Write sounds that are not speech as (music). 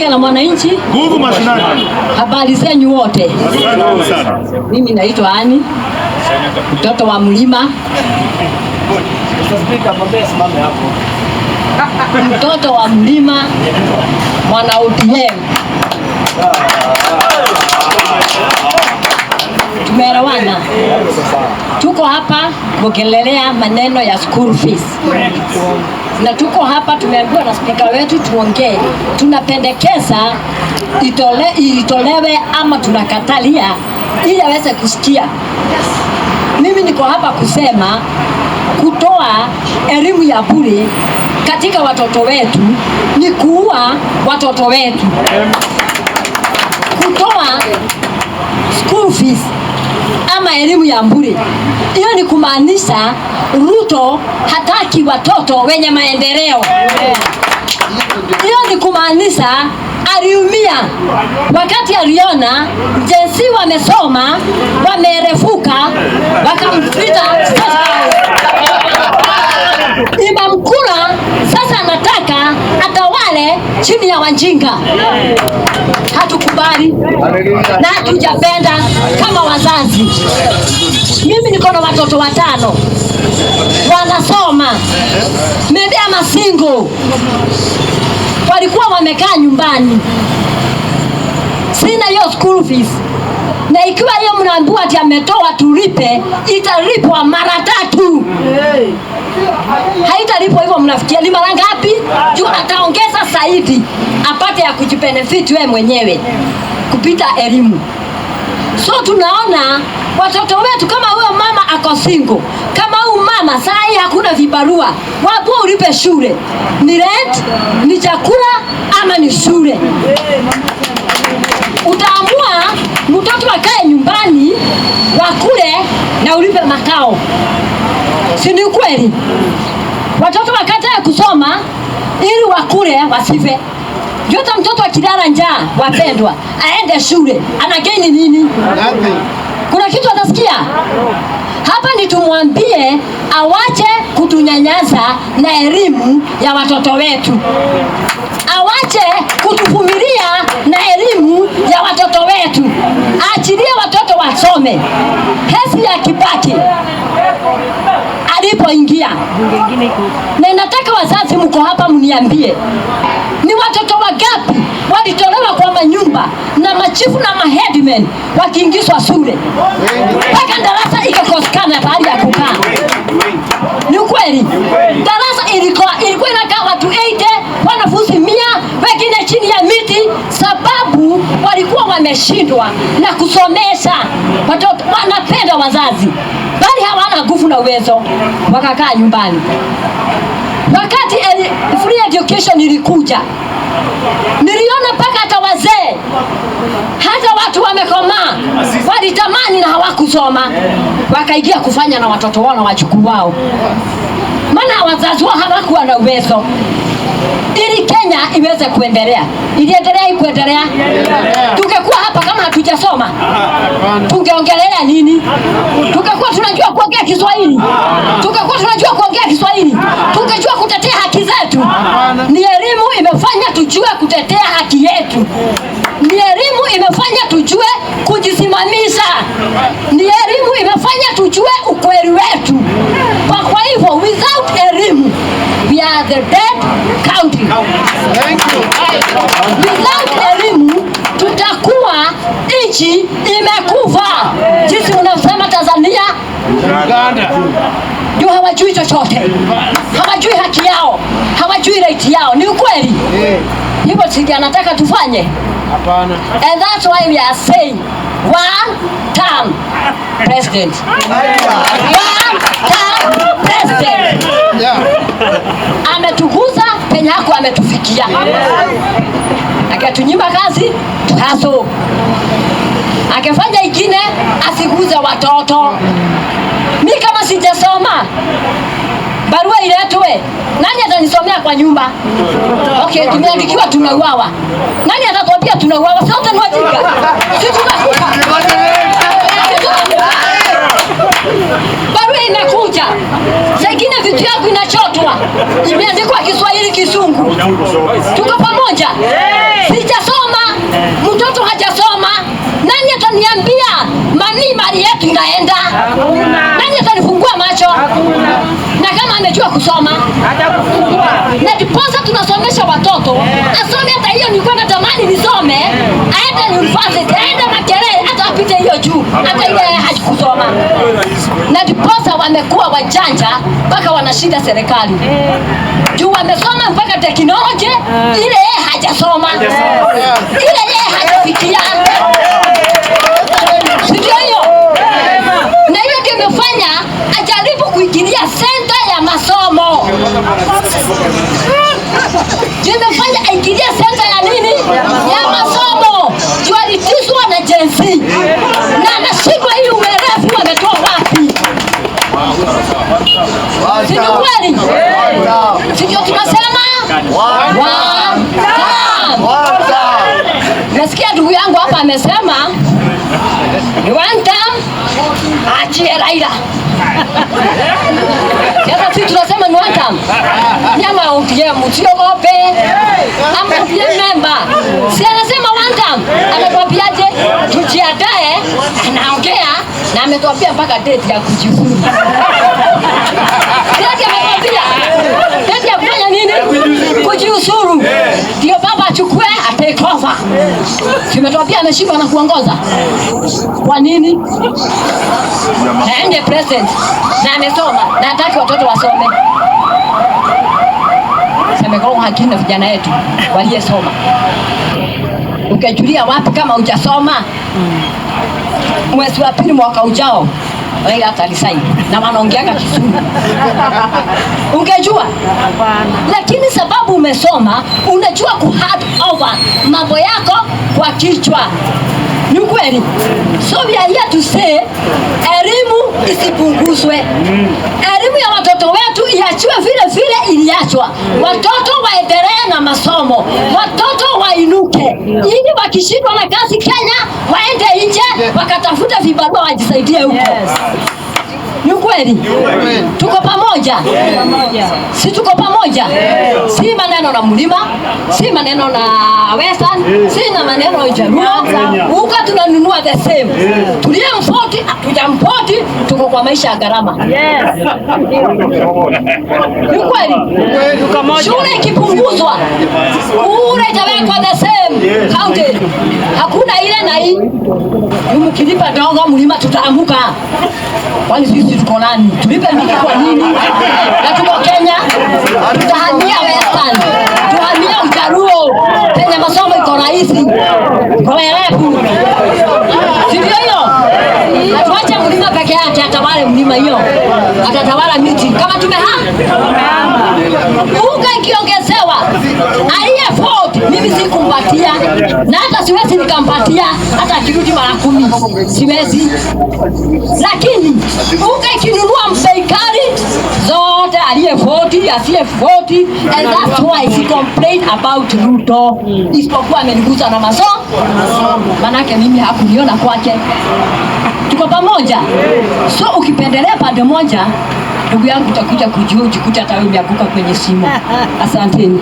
Bunge la Mwananchi, nguvu mashinani. Habari zenyu wote, mimi naitwa Ani, mtoto wa mlima, mtoto wa mlima, mwana ODM. Tumeelewana, tuko hapa kuongelelea maneno ya school fees na tuko hapa, tumeambiwa na spika wetu tuongee. Tunapendekeza itole, itolewe ama tunakatalia ili aweze kusikia. Mimi niko hapa kusema kutoa elimu ya bure katika watoto wetu ni kuua watoto wetu, kutoa school fees kama elimu ya mburi Hiyo ni kumaanisha Ruto hataki watoto wenye maendeleo. Hiyo ni kumaanisha aliumia wakati aliona jinsi wamesoma wamerefuka wakamfita ya wajinga hatukubali na hatujapenda kama wazazi. Mimi niko na watoto watano wanasoma, mebea masingo, walikuwa wamekaa nyumbani, sina hiyo school fees na ikiwa hiyo mnaambiwa ati ametoa tulipe, italipwa mara tatu haitalipwa hivyo. Mnafikia ni mara ngapi? Juu ataongeza zaidi apate ya kujibenefit we mwenyewe kupita elimu. So tunaona watoto wetu, kama huyo mama ako single, kama huyu mama saa hii hakuna vibarua, wapo ulipe shule, ni rent, ni chakula ama ni shule. Utaamua mtoto akae nyumbani wakule na ulipe makao si ni ukweli? Watoto wakataa kusoma ili wakule wasife. Yote mtoto akilala njaa, wapendwa, aende shule, anageni nini? Kuna kitu anasikia hapa? Ni tumwambie awache kutunyanyasa na elimu ya watoto wetu, awache kutuvumilia na elimu ya watoto wetu, aachilie watoto wasome. Hesi ya Kibaki wanaingia, na inataka wazazi, mko hapa, mniambie ni watoto wagapi walitolewa kwa manyumba na machifu na maheadmen wakiingizwa shule mpaka darasa ikakosekana pahali ya kukaa. Ni ukweli, darasa ilikuwa ilikuwa inakaa watu 80 wanafunzi mia wengine chini ya miti, sababu walikuwa wameshindwa na kusomesha watoto. Wanapenda wazazi, bali hawana nguvu na uwezo, wakakaa nyumbani. Wakati free education ilikuja, niliona mpaka hata wazee, hata watu wamekomaa walitamani na hawakusoma, wakaingia kufanya na watoto wao na wajukuu wao, maana wazazi wao hawakuwa na uwezo ili Kenya iweze kuendelea. Iliendelea ikuendelea, tungekuwa hapa kama hatujasoma tungeongelea nini? Tungekuwa tunajua kuongea Kiswahili, tungekuwa tunajua kuongea Kiswahili, tungejua kutetea haki zetu. Ni elimu imefanya tujue kutetea haki yetu, ni elimu imefanya tujue kujisimamisha, ni elimu imefanya tujue ukweli wetu. Kwa kwa hivyo without elimu we are the bila elimu tutakuwa nchi imekufa. jinsi unasema Tanzania, ndio hawajui chochote, hawajui haki yao, hawajui right yao. Ni ukweli eh. hivyo, si anataka tufanye Hapana. And that's why we are saying one term president. One term president. Yeah. akaja akatunyima kazi tukaso, akafanya ingine asiguze watoto. Mi kama sijasoma barua iletwe, nani atanisomea kwa nyumba? Okay, tumeandikiwa tunauawa. Nani atatuambia tunauawa? Sote ni wajinga. imeandikwa, imeandikwa Kiswahili Kizungu, tuko pamoja. Sijasoma, mtoto hajasoma, nani ataniambia mani mali yetu inaenda? Nani atanifungua macho? Na kama amejua kusoma na diposa tunasomesha watoto asome. Hata hiyo nilikuwa natamani nisome, aende university, aende Makerere, hata apite hiyo juu, hata ile hajikusoma na ndiposa wamekuwa wajanja mpaka wanashinda serikali juu wamesoma mpaka teknolojia eh. ile yeye hajasoma, ile yeye hajafikia maisha ya Raila. Sasa sisi tunasema ni welcome. Nyama ya ODM usiogope. Ama ODM member. Si anasema one time. Ametuambiaje? Tujiandae anaongea na ametuambia mpaka date ya kujiuzulu. Date ametuambia. Date ya kufanya nini? Kujiuzulu kuongoza, kimetwapia ameshiba na kuongoza. Kwa nini aende president na amesoma na hataki watoto wasome? Semekongo hakina vijana yetu waliyesoma, ukajulia wapi kama hujasoma? Mwezi wa pili mwaka ujao alisaini na wanaongeaga Kisumu Ungejua? Lakini sababu umesoma, unajua ku hard over mambo yako kwa kichwa. Ni kweli. So we are here to say elimu isipunguzwe. Mm. Elimu ya watoto wetu iachiwe vile vile iliachwa. Mm. Watoto waendelee na masomo. Watoto wainuke. Ili wakishindwa na kazi Kenya waende nje wakatafuta vibarua wajisaidie huko. Yes. Ni kweli tuko pamoja, si tuko pamoja, si maneno na Mlima, si maneno na Western, si na maneno Jaluo huko, tunanunua the same. Tulie mfoti tujampoti, tuko kwa maisha ya gharama. Ni kweli shule ikipunguzwa ure itawekwa the same county, hakuna ile nai mkilipa dogo mlima tutaanguka. Kwani sisi tuko nani? Tulipe mingi kwa nini? Na tuko Kenya, tutahamia Western, tuhamia Ujaruo penye masomo iko rahisi koerefu, sivyo? Hiyo hatuache mlima peke yake, atawale mlima hiyo atatawala miti kama tumehama. Uga ikiongezewa aliye fort, mimi sikumpatia na hata siwezi nikampatia hata akirudi mara kumi, siwezi. Lakini uga ikinunua mseikari zote aliye fort, aliyefault, fort, and that's why she complain about Ruto, isipokuwa ameniguza na masomo, manake mimi hakuniona kwake pamoja. So ukipendelea pande moja, ndugu yangu, utakuja kujua ujikuta hata umeanguka kwenye shimo. (laughs) Asanteni.